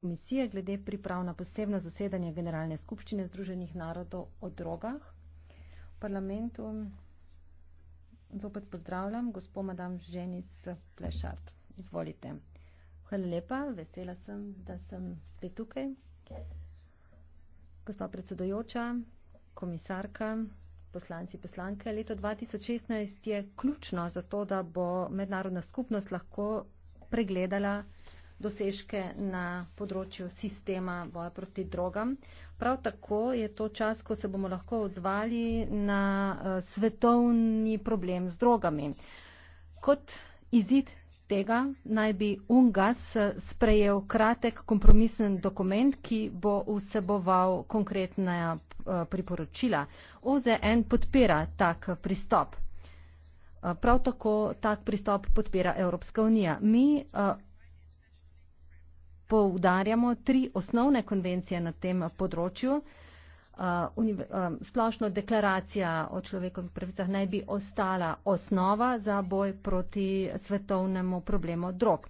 komisije glede priprav na posebno zasedanje Generalne skupščine Združenih narodov o drogah. V parlamentu zopet pozdravljam gospod madam Ženis Plešat. Izvolite. Hvala lepa, vesela sem, da sem spet tukaj. Gospa predsedojoča, komisarka, poslanci poslanke, leto 2016 je ključno za to, da bo mednarodna skupnost lahko pregledala dosežke na področju sistema boja proti drogam. Prav tako je to čas, ko se bomo lahko odzvali na eh, svetovni problem z drogami. Kot izid tega naj bi UNGAS eh, sprejel kratek kompromisen dokument, ki bo vseboval konkretna eh, priporočila. OZN podpira tak pristop. Prav tako tak pristop podpira Evropska unija. Mi poudarjamo tri osnovne konvencije na tem področju. Uh, uh, splošno deklaracija o človekovih pravicah naj bi ostala osnova za boj proti svetovnemu problemu drog.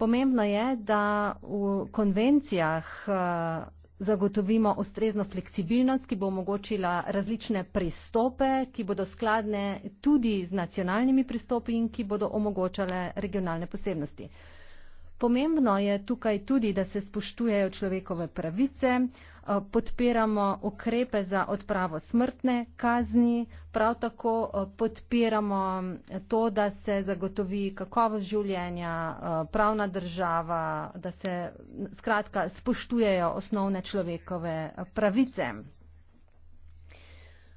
Pomembno je, da v konvencijah uh, zagotovimo ustrezno fleksibilnost, ki bo omogočila različne pristope, ki bodo skladne tudi z nacionalnimi pristopi in ki bodo omogočale regionalne posebnosti. Uh, Pomembno je tukaj tudi, da se spoštujejo človekove pravice, eh, podpiramo ukrepe za odpravo smrtne kazni, prav tako eh, podpiramo eh, to, da se zagotovi kakovost življenja, pravna država, da se skratka spoštujejo osnovne človekove pravice.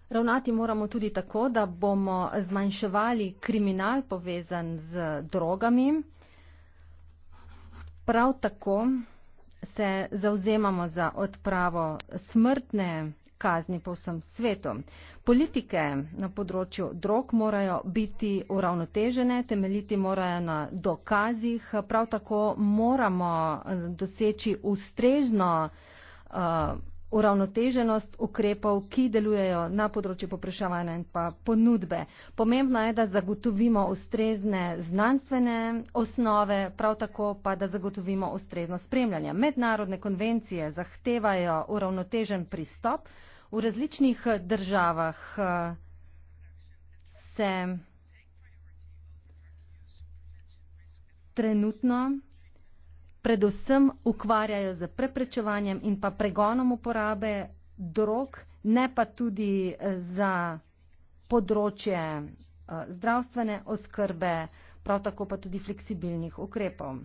Ravnati moramo tudi tako, da bomo zmanjševali kriminal povezan z drogami. Prav tako se zauzemamo za odpravo smrtne kazni po vsem svetu. Politike na področju drog morajo biti uravnotežene, temeljiti morajo na dokazih, prav tako moramo doseči ustrezno uh, uravnoteženost ukrepov, ki delujejo na področju popraševanja in pa ponudbe. Pomembno je, da zagotovimo ustrezne znanstvene osnove, prav tako pa, da zagotovimo ustrezno spremljanje. Mednarodne konvencije zahtevajo uravnotežen pristop. V različnih državah eh, se trenutno predvsem ukvarjajo z preprečevanjem in pa pregonom uporabe drog, ne pa tudi eh, za področje eh, zdravstvene oskrbe, prav tako pa tudi fleksibilnih ukrepov.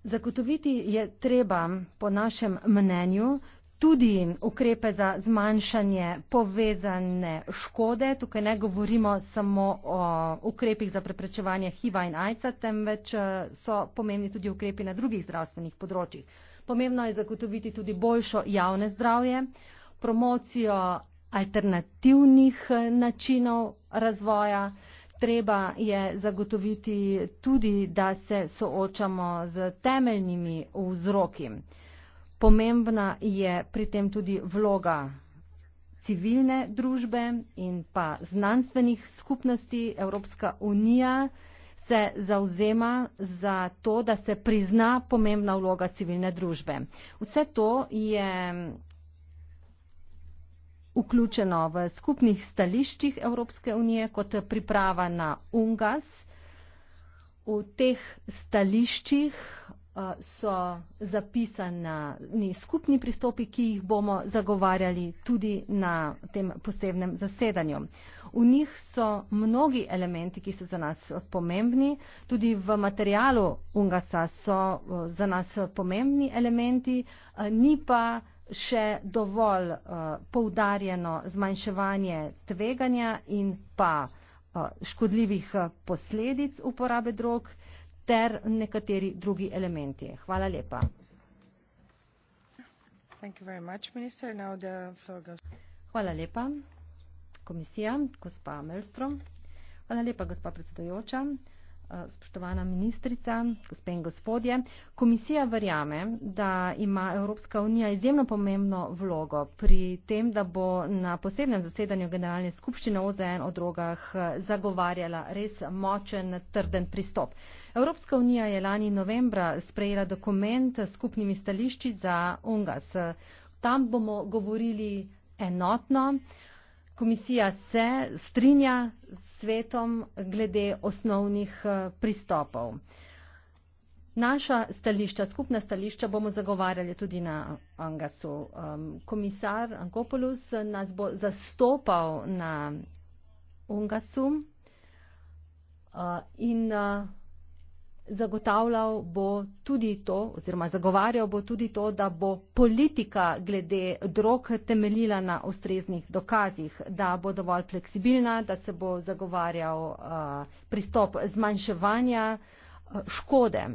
Zagotoviti je treba, po našem mnenju, tudi ukrepe za zmanjšanje povezane škode. Tukaj ne govorimo samo o ukrepih za preprečevanje HIV-a in AIDS-a, temveč eh, so pomembni tudi ukrepi na drugih zdravstvenih področjih. Pomembno je zagotoviti tudi boljšo javne zdravje, promocijo alternativnih eh, načinov razvoja. Treba je zagotoviti tudi, da se soočamo z temeljnimi vzroki. Pomembna je pri tem tudi vloga civilne družbe in pa znanstvenih skupnosti. Evropska unija se zauzema za to, da se prizna pomembna vloga civilne družbe. Vse to je vključeno v skupnih stališčih Evropske unije kot priprava na UNGAS. V teh stališčih Eh, so zapisani skupni pristopi, ki jih bomo zagovarjali tudi na tem posebnem zasedanju. V njih so mnogi elementi, ki so za nas pomembni, tudi v materialu Ungasa so eh, za nas pomembni elementi, eh, ni pa še dovolj poudarjeno zmanjševanje tveganja in pa škodljivih posledic uporabe drog ter nekateri drugi elementi. Hvala lepa. Hvala lepa, komisija, gospa Melstrom. Hvala lepa, gospa predsedojoča. Eh, spoštovana ministrica, gospe in gospodje, komisija verjame, da ima Evropska unija izjemno pomembno vlogo pri tem, da bo na posebnem zasedanju Generalne skupščine OZN o drogah eh, zagovarjala res močen, trden pristop. Evropska unija je lani novembra sprejela dokument s skupnimi stališči za UNGAS. Tam bomo govorili enotno. Komisija se strinja z svetom glede osnovnih eh, pristopov. Naša stališča, skupna stališča bomo zagovarjali tudi na Angasu. Komisar Angopolus nas bo zastopal na Angasu eh, in eh, zagotavljal bo tudi to, oziroma zagovarjal bo tudi to, da bo politika glede drog temeljila na ustreznih dokazih, da bo dovolj fleksibilna, da se bo zagovarjal uh, pristop zmanjševanja uh, škode.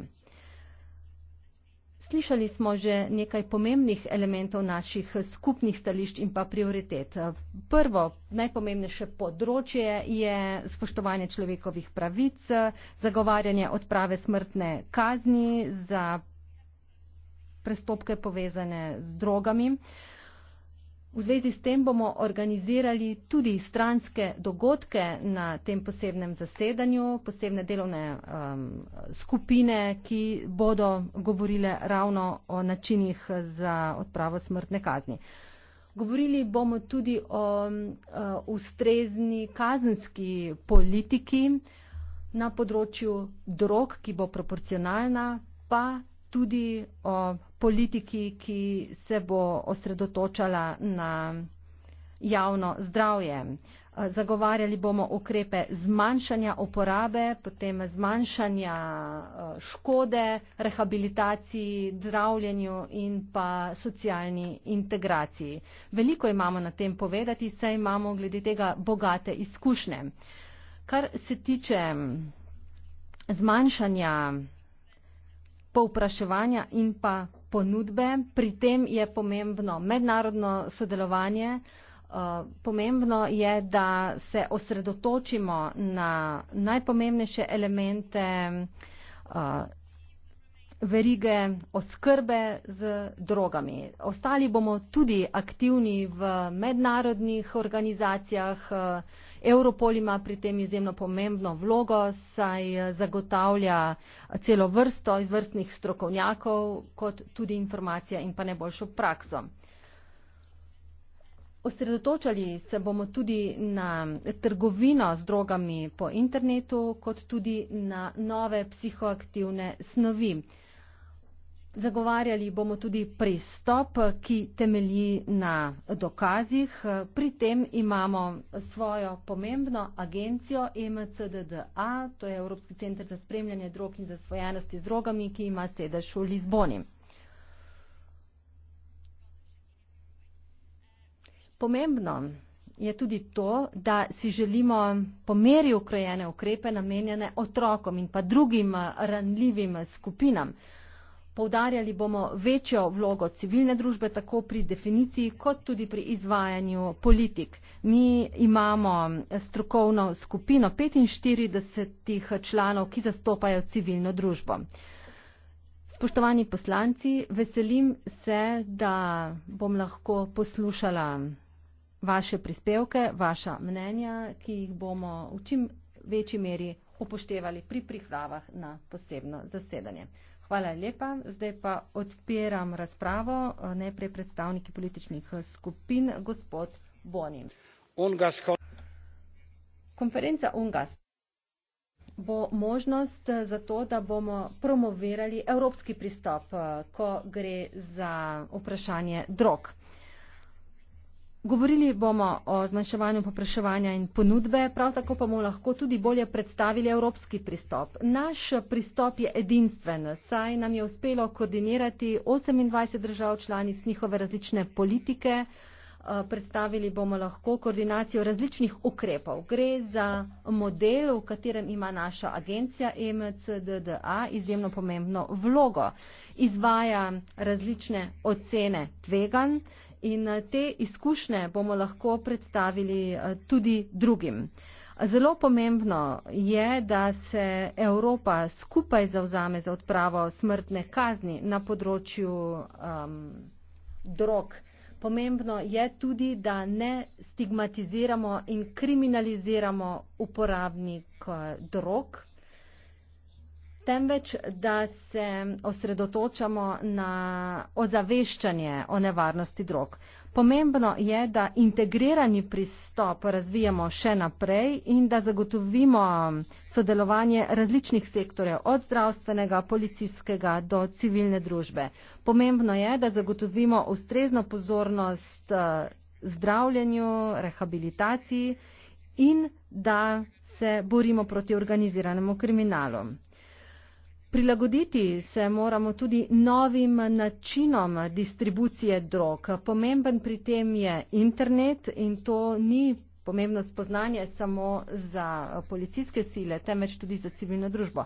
Slišali smo že nekaj pomembnih elementov naših skupnih stališč in pa prioritet. Prvo, najpomembnejše področje je spoštovanje človekovih pravic, zagovarjanje odprave smrtne kazni za prestopke povezane z drogami. Uh, V zvezi s tem bomo organizirali tudi stranske dogodke na tem posebnem zasedanju, posebne delovne um, skupine, ki bodo govorile ravno o načinih za odpravo smrtne kazni. Govorili bomo tudi o um, uh, ustrezni kazenski politiki na področju drog, ki bo proporcionalna, pa tudi o politiki, ki se bo osredotočala na javno zdravje. Zagovarjali bomo ukrepe zmanjšanja uporabe, potem zmanjšanja eh, škode, rehabilitaciji, zdravljenju in pa socialni integraciji. Veliko imamo na tem povedati, saj imamo glede tega bogate izkušnje. Kar se tiče mm, zmanjšanja povpraševanja in pa ponudbe. Pri tem je pomembno mednarodno sodelovanje. Uh, pomembno je, da se osredotočimo na najpomembnejše elemente uh, verige oskrbe z drogami. Ostali bomo tudi aktivni v mednarodnih organizacijah uh, Europol ima pri tem izjemno pomembno vlogo, saj eh, zagotavlja celo vrsto izvrstnih strokovnjakov, kot tudi informacije in pa najboljšo prakso. Osredotočali se bomo tudi na trgovino z drogami po internetu, kot tudi na nove psihoaktivne snovi. Zagovarjali bomo tudi pristop, ki temelji na dokazih. Pri tem imamo svojo pomembno agencijo e MCDDA, to je Evropski center za spremljanje drog in zasvojenosti z drogami, ki ima sedež v Lizboni. Pomembno je tudi to, da si želimo po meri ukrojene ukrepe namenjene otrokom in pa drugim ranljivim skupinam. Poudarjali bomo večjo vlogo civilne družbe tako pri definiciji kot tudi pri izvajanju politik. Mi imamo eh, strokovno skupino 45 eh, članov, ki zastopajo civilno družbo. Spoštovani poslanci, veselim se, da bom lahko poslušala vaše prispevke, vaša mnenja, ki jih bomo v čim večji meri upoštevali pri pripravah na posebno zasedanje. Hvala lepa. Zdaj pa odpiram razpravo. Najprej predstavniki političnih skupin, gospod Boni. Ungarsko. Konferenca Ungas bo možnost za to, da bomo promovirali evropski pristop, ko gre za vprašanje drog. Govorili bomo o zmanjševanju popraševanja in ponudbe, prav tako pa bomo lahko tudi bolje predstavili evropski pristop. Naš pristop je edinstven, saj nam je uspelo koordinirati 28 držav članic njihove različne politike. Eh, predstavili bomo lahko koordinacijo različnih ukrepov. Gre za model, v katerem ima naša agencija e MCDDA izjemno pomembno vlogo. Izvaja različne ocene tveganj in eh, te izkušnje bomo lahko predstavili eh, tudi drugim. Zelo pomembno je, da se Evropa skupaj zauzame za odpravo smrtne kazni na področju um, drog. Pomembno je tudi, da ne stigmatiziramo in kriminaliziramo uporabnik eh, drog temveč da se osredotočamo na ozaveščanje o nevarnosti drog. Pomembno je, da integrirani pristop razvijamo še naprej in da zagotovimo sodelovanje različnih sektorjev, od zdravstvenega, policijskega do civilne družbe. Pomembno je, da zagotovimo ustrezno pozornost eh, zdravljenju, rehabilitaciji in da se borimo proti organiziranemu kriminalu. Prilagoditi se moramo tudi novim načinom distribucije drog. Pomemben pri tem je internet in to ni pomembno spoznanje samo za policijske sile, temveč tudi za civilno družbo.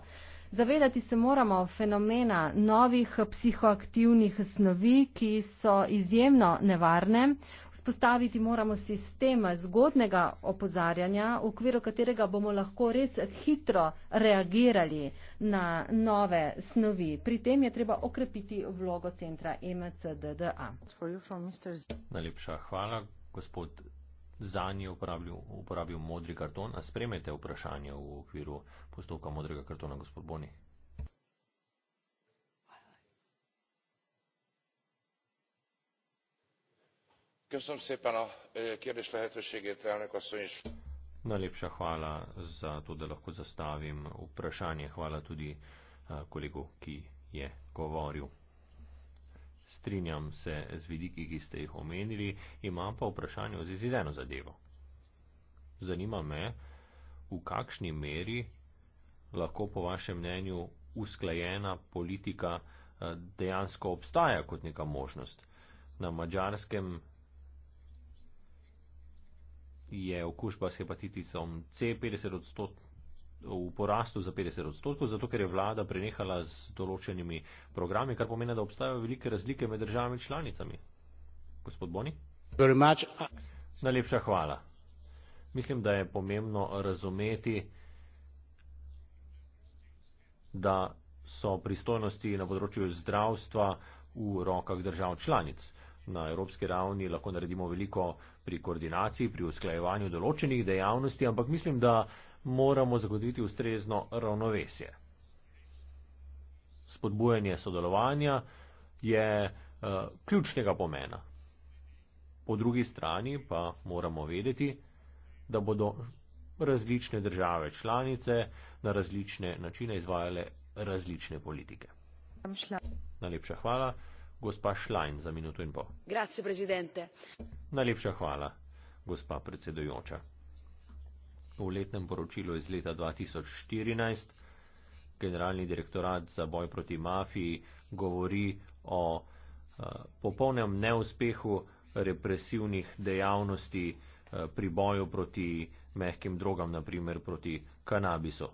Zavedati se moramo fenomena novih psihoaktivnih snovi, ki so izjemno nevarne. Vzpostaviti moramo sistem zgodnega opozarjanja, v okviru katerega bomo lahko res hitro reagirali na nove snovi. Pri tem je treba okrepiti vlogo centra MCDDA. Najlepša hvala, gospod za nje uporabil, uporabil modri karton. A spremete vprašanje v okviru postopka modrega kartona, gospod Boni? Köszönöm szépen a kérdés lehetőségét, elnök asszony is. Najlepša hvala za to, da lahko zastavim vprašanje. Hvala tudi kolegu, ki je govoril. Strinjam se z vidiki, ki ste jih omenili, imam pa vprašanje v zvezi z eno zadevo. Zanima me, v kakšni meri lahko po vašem mnenju usklajena politika eh, dejansko obstaja kot neka možnost. Na mačarskem je okužba s hepatitisom C 50 odstotkov v porastu za 50 odstotkov, zato ker je vlada prenehala z določenimi programi, kar pomeni, da obstajajo velike razlike med državami članicami. Gospod Boni? Najlepša hvala. Mislim, da je pomembno razumeti, da so pristojnosti na področju zdravstva v rokah držav članic. Na evropski ravni lahko naredimo veliko pri koordinaciji, pri usklajevanju določenih dejavnosti, ampak mislim, da moramo zagoditi ustrezno ravnovesje. Spodbujanje sodelovanja je uh, ključnega pomena. Po drugi strani pa moramo vedeti, da bodo različne države članice na različne načine izvajale različne politike. Najlepša hvala, gospa Šlajn, za minuto in pol. Najlepša hvala, gospa predsedujoča v letnem poročilu iz leta 2014. Generalni direktorat za boj proti mafiji govori o uh, popolnem neuspehu represivnih dejavnosti uh, pri boju proti mehkim drogam, naprimer proti kanabisu.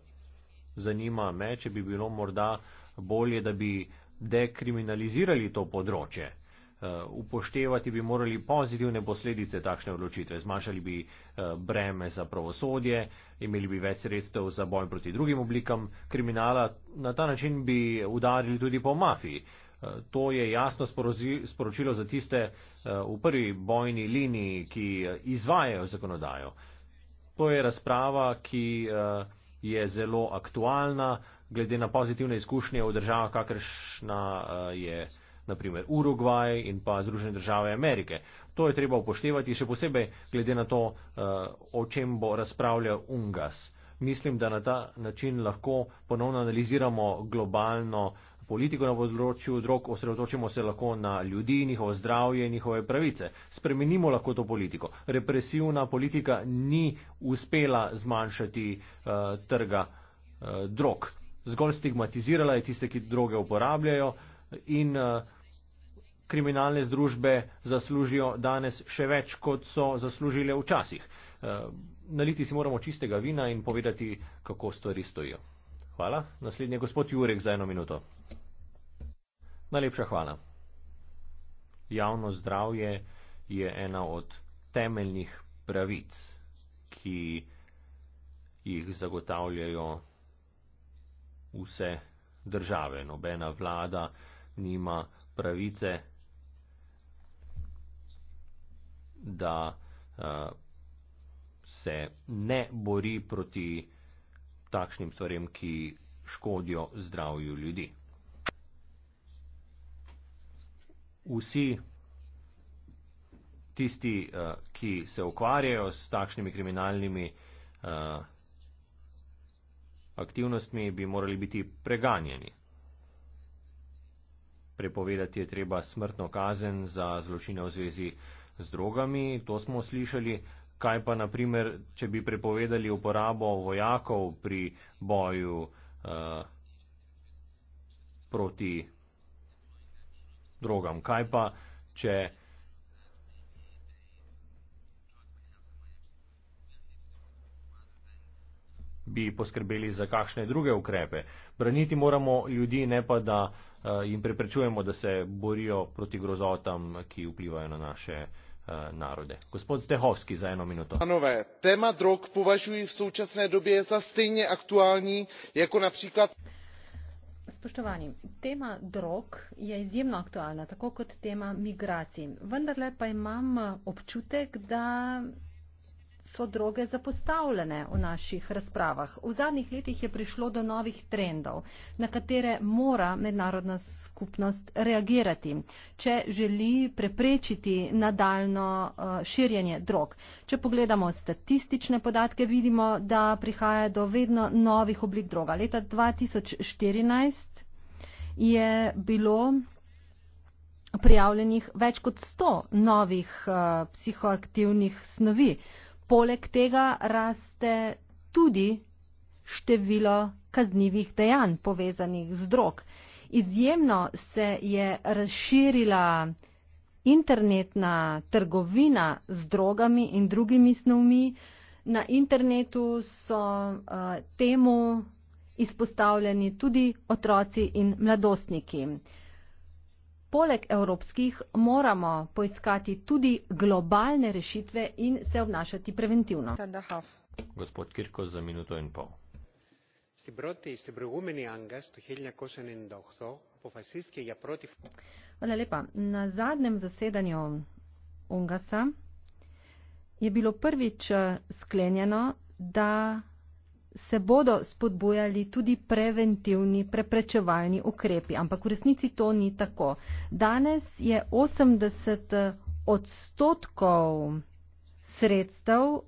Zanima me, če bi bilo morda bolje, da bi dekriminalizirali to področje. Eh, upoštevati bi morali pozitivne posledice takšne odločitve. Zmanjšali bi eh, breme za pravosodje, imeli bi več sredstev za boj proti drugim oblikam kriminala, na ta način bi udarili tudi po mafiji. Eh, to je jasno sporočilo za tiste v prvi bojni liniji, ki izvajajo zakonodajo. To je razprava, ki je zelo aktualna, glede na pozitivne izkušnje v državah, kakršna je naprimer Urugvaj in pa Združene države Amerike. To je treba upoštevati, še posebej glede na to, eh, o čem bo razpravljal Ungas. Mislim, da na ta način lahko ponovno analiziramo globalno politiko na področju drog, osredotočimo se lahko na ljudi, njihovo zdravje, njihove pravice. Spremenimo lahko to politiko. Represivna politika ni uspela zmanjšati uh, trga uh, drog. Zgolj stigmatizirala je tiste, ki droge uporabljajo in uh, kriminalne združbe zaslužijo danes še več, kot so zaslužile včasih. Eh, naliti si moramo čistega vina in povedati, kako stvari stojijo. Hvala. Naslednji je gospod Jurek za eno minuto. Najlepša hvala. Javno zdravje je ena od temeljnih pravic, ki jih zagotavljajo vse države. Nobena vlada nima pravice da uh, se ne bori proti takšnim stvarem, ki škodijo zdravju ljudi. Vsi tisti, uh, ki se ukvarjajo s takšnimi kriminalnimi uh, aktivnostmi, bi morali biti preganjeni. Prepovedati je treba smrtno kazen za zločine v zvezi uh, z drogami, to smo slišali, kaj pa naprimer, če bi prepovedali uporabo vojakov pri boju uh, proti drogam, kaj pa, če bi poskrbeli za kakšne druge ukrepe. Braniti moramo ljudi, ne pa da uh, Eh, in preprečujemo, da se borijo proti grozotam, ki vplivajo na naše eh, narode. Gospod Stehovski za eno minuto. Panové, téma drog považuji v současné době za stejně aktuální jako například. Spoštovani, tema drog je izjemno aktualna, tako kot tema migracij. Vendarle pa imam občutek, da so droge zapostavljene v naših razpravah. V zadnjih letih je prišlo do novih trendov, na katere mora mednarodna skupnost reagirati, če želi preprečiti nadaljno eh, širjenje drog. Če pogledamo statistične podatke, vidimo, da prihaja do vedno novih oblik droga. Leta 2014 je bilo prijavljenih več kot 100 novih uh, psihoaktivnih snovi. Uh, Poleg tega raste tudi število kaznjivih dejanj povezanih z drog. Izjemno se je razširila internetna trgovina z drogami in drugimi snovmi. Na internetu so uh, temu izpostavljeni tudi otroci in mladostniki. Uh, poleg evropskih moramo poiskati tudi globalne rešitve in se obnašati preventivno. Gospod Kirko za minuto in pol. Hvala lepa. Na zadnjem zasedanju UNGAS-a je bilo prvič eh, sklenjeno, da se bodo spodbojali tudi preventivni preprečevalni ukrepi, ampak v resnici to ni tako. Danes je 80 odstotkov sredstev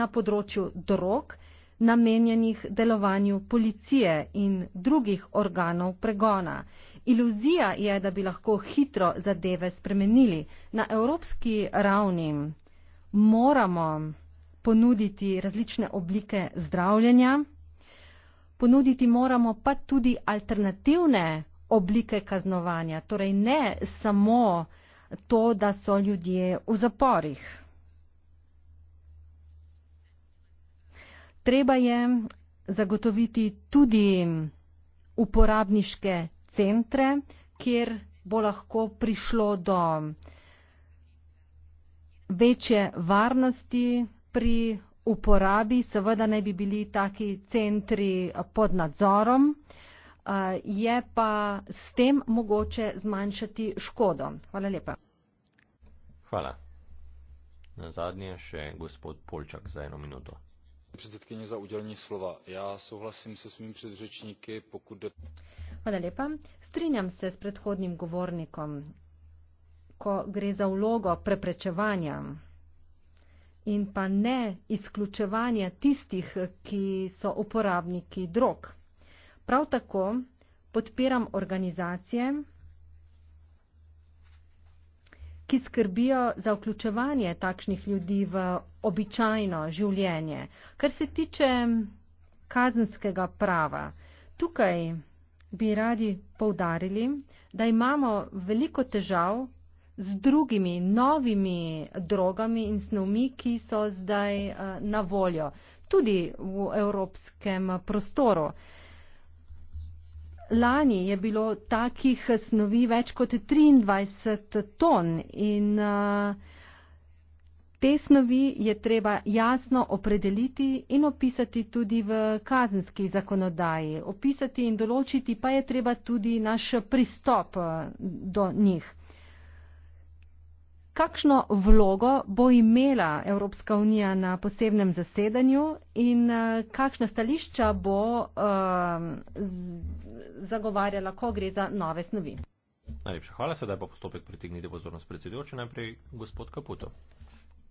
na področju drog namenjenih delovanju policije in drugih organov pregona. Iluzija je, da bi lahko hitro zadeve spremenili. Na evropski ravni moramo ponuditi različne oblike zdravljenja, ponuditi moramo pa tudi alternativne oblike kaznovanja, torej ne samo to, da so ljudje v zaporih. Treba je zagotoviti tudi uporabniške centre, kjer bo lahko prišlo do večje varnosti pri uporabi, seveda ne bi bili taki centri eh, pod nadzorom, eh, je pa s tem mogoče zmanjšati škodo. Hvala lepa. Hvala. Na zadnje še gospod Polčak za eno minuto. Predsedkinja za udelanje slova. Ja, soglasim se s svojimi predrečniki, pokud. Hvala lepa. Strinjam se s predhodnim govornikom, ko gre za vlogo preprečevanja in pa ne izključevanja tistih, ki so uporabniki drog. Prav tako podpiram organizacije, ki skrbijo za vključevanje takšnih ljudi v običajno življenje. Kar se tiče kazenskega prava, tukaj bi radi poudarili, da imamo veliko težav, z drugimi novimi drogami in snovmi, ki so zdaj eh, na voljo, tudi v evropskem prostoru. Lani je bilo takih snovi več kot 23 ton in eh, te snovi je treba jasno opredeliti in opisati tudi v kazenski zakonodaji. Opisati in določiti pa je treba tudi naš pristop eh, do njih. Kakšno vlogo bo imela Evropska unija na posebnem zasedanju in eh, kakšna stališča bo uh, zagovarjala, ko gre za nove snovi? Najlepša hvala, sedaj pa postopek pritegnite pozornost predsedujoče, najprej gospod Kaputo.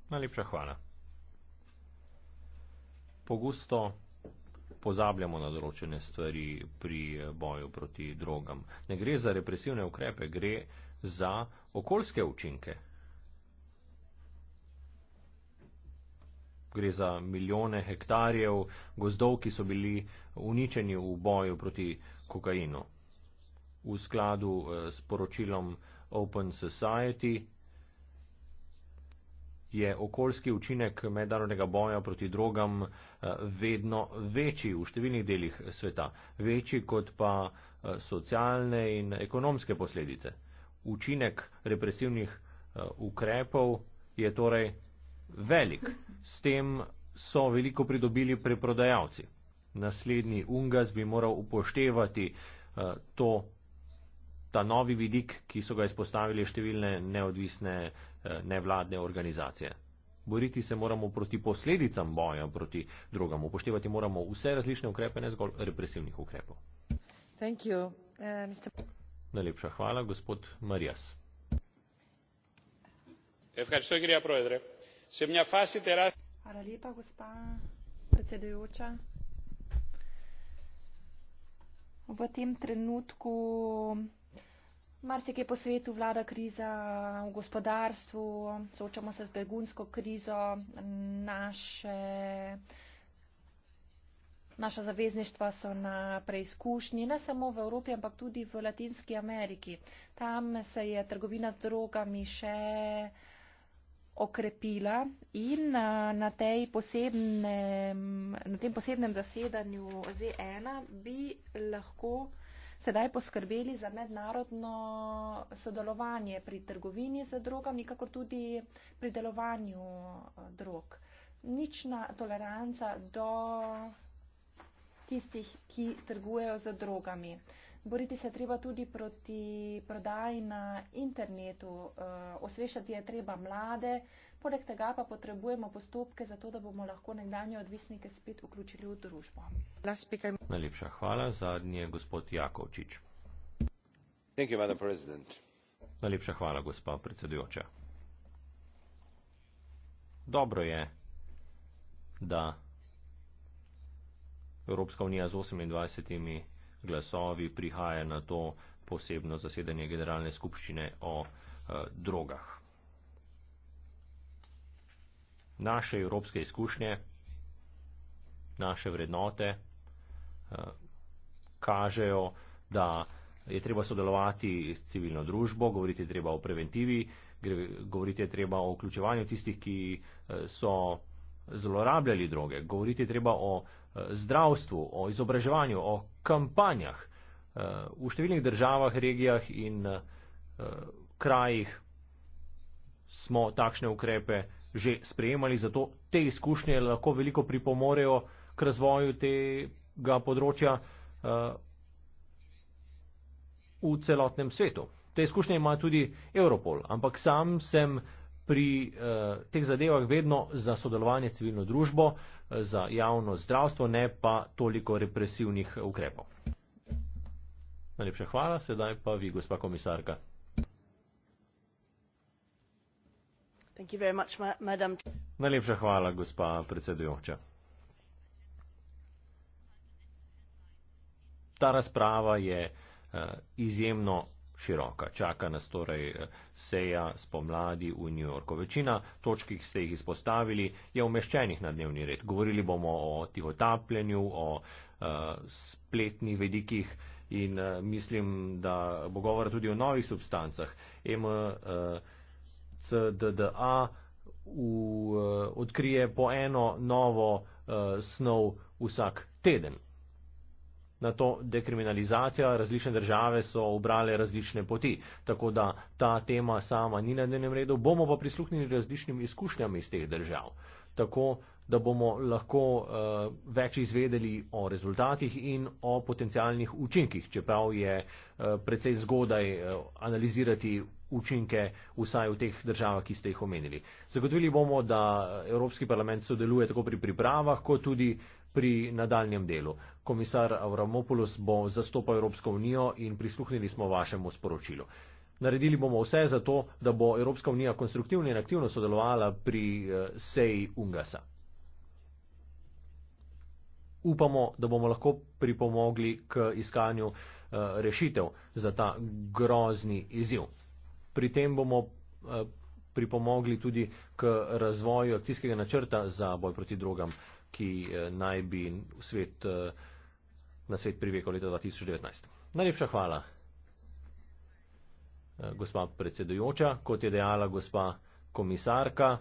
Najlepša hvala. Pogosto pozabljamo na določene stvari pri eh, boju proti drogam. Ne gre za represivne ukrepe, gre za okoljske učinke gre za milijone hektarjev gozdov, ki so bili uničeni v boju proti kokainu. V skladu eh, s poročilom Open Society je okoljski učinek mednarodnega boja proti drogam eh, vedno večji v številnih delih sveta, večji kot pa eh, socialne in ekonomske posledice. Učinek represivnih ukrepov je torej velik. S tem so veliko pridobili preprodajalci. Naslednji Ungas bi moral upoštevati uh, to, ta novi vidik, ki so ga izpostavili številne neodvisne uh, nevladne organizacije. Boriti se moramo proti posledicam boja proti drugam. Upoštevati moramo vse različne ukrepe, ne zgolj represivnih ukrepov. You, uh, Mr... Najlepša hvala, gospod Marijas. Evkaj, što je grija provedre? hvala lepa gospa predsedujoča v tem trenutku marsikje po svetu vlada kriza v gospodarstvu soočamo se z begunsko krizo naše Naša zavezništva so na preizkušnji, ne samo v Evropi, ampak tudi v Latinski Ameriki. Tam se je trgovina z drogami še uh, okrepila in eh, na, na, posebnem, na tem posebnem zasedanju Z1 bi lahko sedaj poskrbeli za mednarodno sodelovanje pri trgovini z drogami, kakor tudi pri delovanju eh, drog. Nična toleranca do tistih, ki trgujejo z drogami. Uh, Boriti se treba tudi proti prodaji na internetu, eh, osveščati je treba mlade, poleg tega pa potrebujemo postopke za to, da bomo lahko nekdanje odvisnike spet vključili v družbo. Najlepša hvala, zadnji je gospod Jakovčič. Najlepša hvala, gospa predsedujoča. Dobro je, da Evropska unija z 28 glasovi prihaja na to posebno zasedanje generalne skupščine o e, drogah. Naše evropske izkušnje, naše vrednote e, kažejo, da je treba sodelovati s civilno družbo, govoriti treba o preventivi, govoriti treba o vključevanju tistih, ki eh, so zlorabljali droge, govoriti treba o zdravstvu, o izobraževanju, o kampanjah eh, v številnih državah, regijah in eh, krajih smo takšne ukrepe že sprejemali, zato te izkušnje lahko veliko pripomorejo k razvoju tega področja eh, v celotnem svetu. Te izkušnje ima tudi Europol, ampak sam sem pri eh, teh zadevah vedno za sodelovanje civilno družbo, eh, za javno zdravstvo, ne pa toliko represivnih ukrepov. Najlepša hvala, sedaj pa vi, gospa komisarka. Much, Najlepša hvala, gospa predsedujoča. Ta razprava je eh, izjemno široka. Čaka nas torej eh, seja spomladi v New Yorku. Večina točk, ki ste jih izpostavili, je umeščenih na dnevni red. Govorili bomo o tihotapljenju, o uh, spletnih vedikih in uh, mislim, da bo govora tudi o novih substancah. M, uh, CDDA v, odkrije po eno novo uh, snov vsak teden na to dekriminalizacija, različne države so obrale različne poti, tako da ta tema sama ni na dnevnem redu, bomo pa prisluhnili različnim izkušnjam iz teh držav. Tako da bomo lahko uh, več izvedeli o rezultatih in o potencijalnih učinkih, čeprav je uh, precej zgodaj uh, analizirati učinke vsaj v teh državah, ki ste jih omenili. Zagotovili bomo, da Evropski parlament sodeluje tako pri pripravah, kot tudi pri nadaljem delu. Komisar Avramopoulos bo zastopal Evropsko unijo in prisluhnili smo vašemu sporočilu. Naredili bomo vse za to, da bo Evropska unija konstruktivno in aktivno sodelovala pri seji Ungasa upamo, da bomo lahko pripomogli k iskanju eh, rešitev za ta grozni izziv. Pri tem bomo eh, pripomogli tudi k razvoju akcijskega načrta za boj proti drogam, ki eh, naj bi svet, na svet privekal leta 2019. Najlepša hvala, gospa predsedujoča, kot je dejala gospa komisarka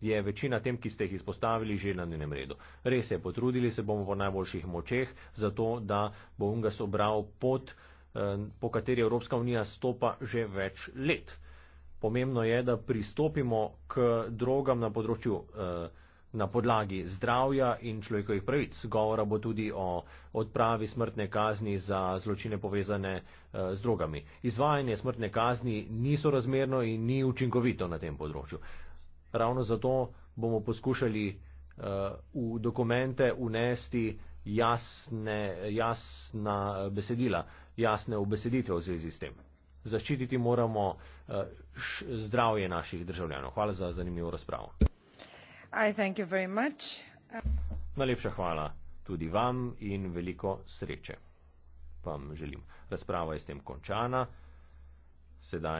je večina tem, ki ste jih izpostavili, že na njenem redu. Res je, potrudili se bomo v najboljših močeh za to, da bo Ungas obral pot, eh, po kateri Evropska unija stopa že več let. Pomembno je, da pristopimo k drogam na področju eh, na podlagi zdravja in človekovih pravic. Govora bo tudi o odpravi smrtne kazni za zločine povezane eh, z drogami. Izvajanje smrtne kazni ni sorazmerno in ni učinkovito na tem področju ravno zato bomo poskušali eh, v dokumente unesti jasne, jasna eh, besedila, jasne obeseditve v zvezi s tem. Zaščititi moramo eh, zdravje naših državljanov. Hvala za zanimivo razpravo. Najlepša hvala tudi vam in veliko sreče vam želim. Razprava je s tem končana. Sedaj